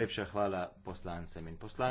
Lepša hvala poslancem in poslancem.